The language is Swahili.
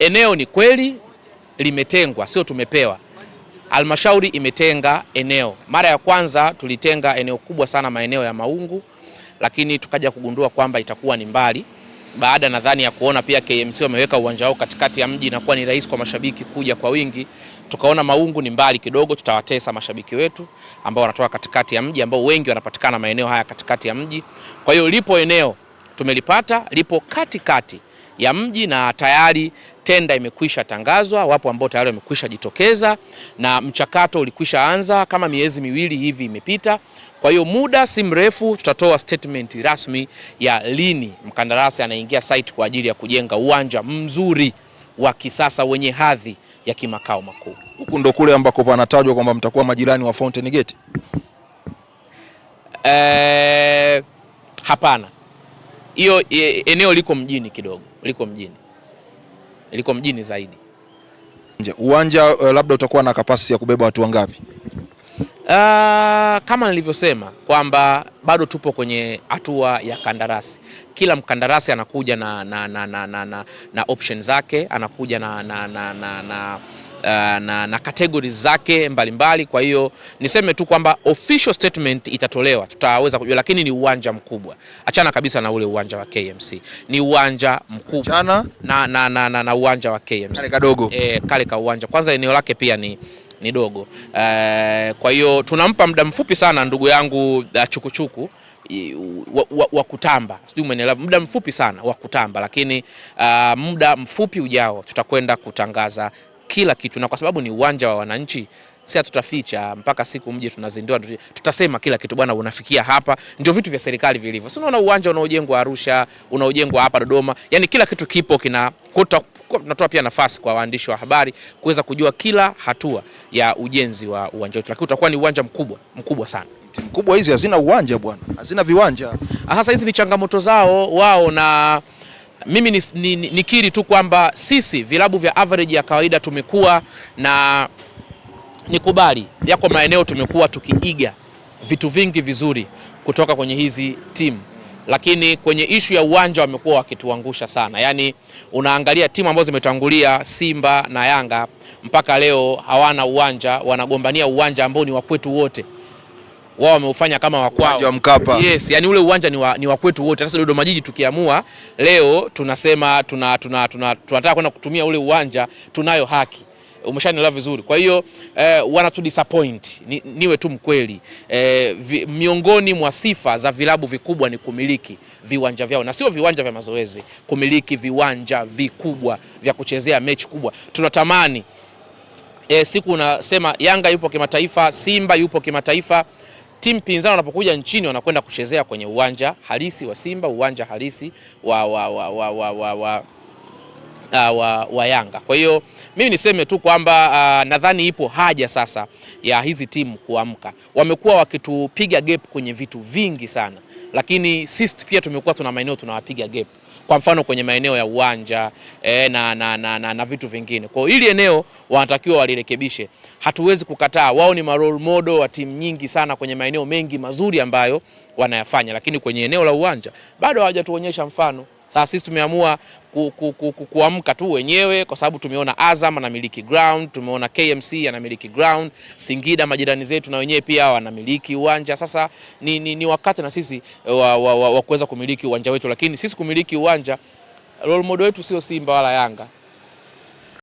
Eneo ni kweli limetengwa, sio tumepewa. Halmashauri imetenga eneo. Mara ya kwanza tulitenga eneo kubwa sana, maeneo ya Maungu, lakini tukaja kugundua kwamba itakuwa ni mbali. Baada nadhani ya kuona pia KMC wameweka uwanja wao katikati ya mji, kuwa ni rahisi kwa mashabiki kuja kwa wingi. Tukaona Maungu ni mbali kidogo, tutawatesa mashabiki wetu ambao wanatoka katikati ya mji, ambao wengi wanapatikana maeneo haya katikati ya mji. Kwa hiyo lipo eneo tumelipata, lipo katikati kati ya mji na tayari tenda imekwisha tangazwa, wapo ambao tayari wamekwisha jitokeza na mchakato ulikwisha anza kama miezi miwili hivi imepita. Kwa hiyo muda si mrefu tutatoa statement rasmi ya lini mkandarasi anaingia site kwa ajili ya kujenga uwanja mzuri wa kisasa wenye hadhi ya kimakao makuu. Huku ndo kule ambako panatajwa kwamba mtakuwa majirani wa Fountain Gate. Eh, hapana, hiyo e, eneo liko mjini kidogo liko mjini, liko mjini zaidi. Uwanja uh, labda utakuwa na kapasiti ya kubeba watu wangapi? Uh, kama nilivyosema kwamba bado tupo kwenye hatua ya kandarasi. Kila mkandarasi anakuja na, na, na, na, na, na, na option zake anakuja na, na, na, na, na Eh, na, na categories zake mbalimbali mbali. Kwa hiyo niseme tu kwamba official statement itatolewa, tutaweza kujua, lakini ni uwanja mkubwa, achana kabisa na ule uwanja wa KMC, ni uwanja mkubwa na, na, na, na, na uwanja wa KMC kale kadogo e, kale ka uwanja kwanza, eneo lake pia ni ni dogo e, kwa hiyo tunampa muda mfupi sana ndugu yangu Chukuchuku wa, wa, wa kutamba, sijui umeelewa, muda mfupi sana wa kutamba, lakini uh, muda mfupi ujao tutakwenda kutangaza kila kitu, na kwa sababu ni uwanja wa wananchi si hatutaficha mpaka siku mje tunazindua, tutasema kila kitu bwana, unafikia hapa. Ndio vitu vya serikali vilivyo, si unaona uwanja unaojengwa Arusha, unaojengwa hapa Dodoma, yani kila kitu kipo kina kuta, tunatoa pia nafasi kwa waandishi wa habari kuweza kujua kila hatua ya ujenzi wa uwanja wetu, lakini utakuwa ni uwanja mkubwa mkubwa sana mkubwa. Hizi hazina uwanja bwana, hazina viwanja. Sasa hizi ni changamoto zao wao na mimi nikiri ni, ni tu kwamba sisi vilabu vya average ya kawaida tumekuwa na nikubali, yako maeneo tumekuwa tukiiga vitu vingi vizuri kutoka kwenye hizi timu, lakini kwenye ishu ya uwanja wamekuwa wakituangusha sana. Yaani unaangalia timu ambazo zimetangulia Simba na Yanga mpaka leo hawana uwanja, wanagombania uwanja ambao ni wa kwetu wote wao wameufanya kama wakwao wa Mkapa. Yes, yani ule uwanja ni wa, ni wa kwetu wote. Sasa Dodoma Jiji tukiamua leo tunasema tunataka tuna, tuna, tunataka kwenda kutumia ule uwanja, tunayo haki Umeshanielewa vizuri. Kwa hiyo eh, wanatu disappoint ni, niwe tu mkweli eh, vi, miongoni mwa sifa za vilabu vikubwa ni kumiliki viwanja vyao na sio viwanja vya mazoezi, kumiliki viwanja vikubwa vya kuchezea mechi kubwa. Tunatamani eh, siku unasema Yanga yupo kimataifa, Simba yupo kimataifa timu pinzani wanapokuja nchini wanakwenda kuchezea kwenye uwanja halisi wa Simba, uwanja halisi wa, wa, wa, wa, wa, wa, wa. Uh, wa, wa Yanga. Kwa hiyo mimi niseme tu kwamba uh, nadhani ipo haja sasa ya hizi timu kuamka. Wamekuwa wakitupiga gap kwenye vitu vingi sana, lakini sisi pia tumekuwa tuna maeneo tunawapiga gap kwa mfano kwenye maeneo ya uwanja e, na, na, na, na, na vitu vingine. Kwa hiyo hili eneo wanatakiwa walirekebishe, hatuwezi kukataa. Wao ni role model wa timu nyingi sana kwenye maeneo mengi mazuri ambayo wanayafanya, lakini kwenye eneo la uwanja bado hawajatuonyesha mfano. Sasa sisi tumeamua kuamka tu wenyewe kwa sababu tumeona Azam anamiliki ground, tumeona KMC anamiliki ground, Singida majirani zetu na wenyewe pia wanamiliki uwanja. Sasa ni, ni, ni wakati na sisi eh, wa, wa, wa, wa kuweza kumiliki uwanja wetu, lakini sisi kumiliki uwanja role model wetu sio Simba wala Yanga.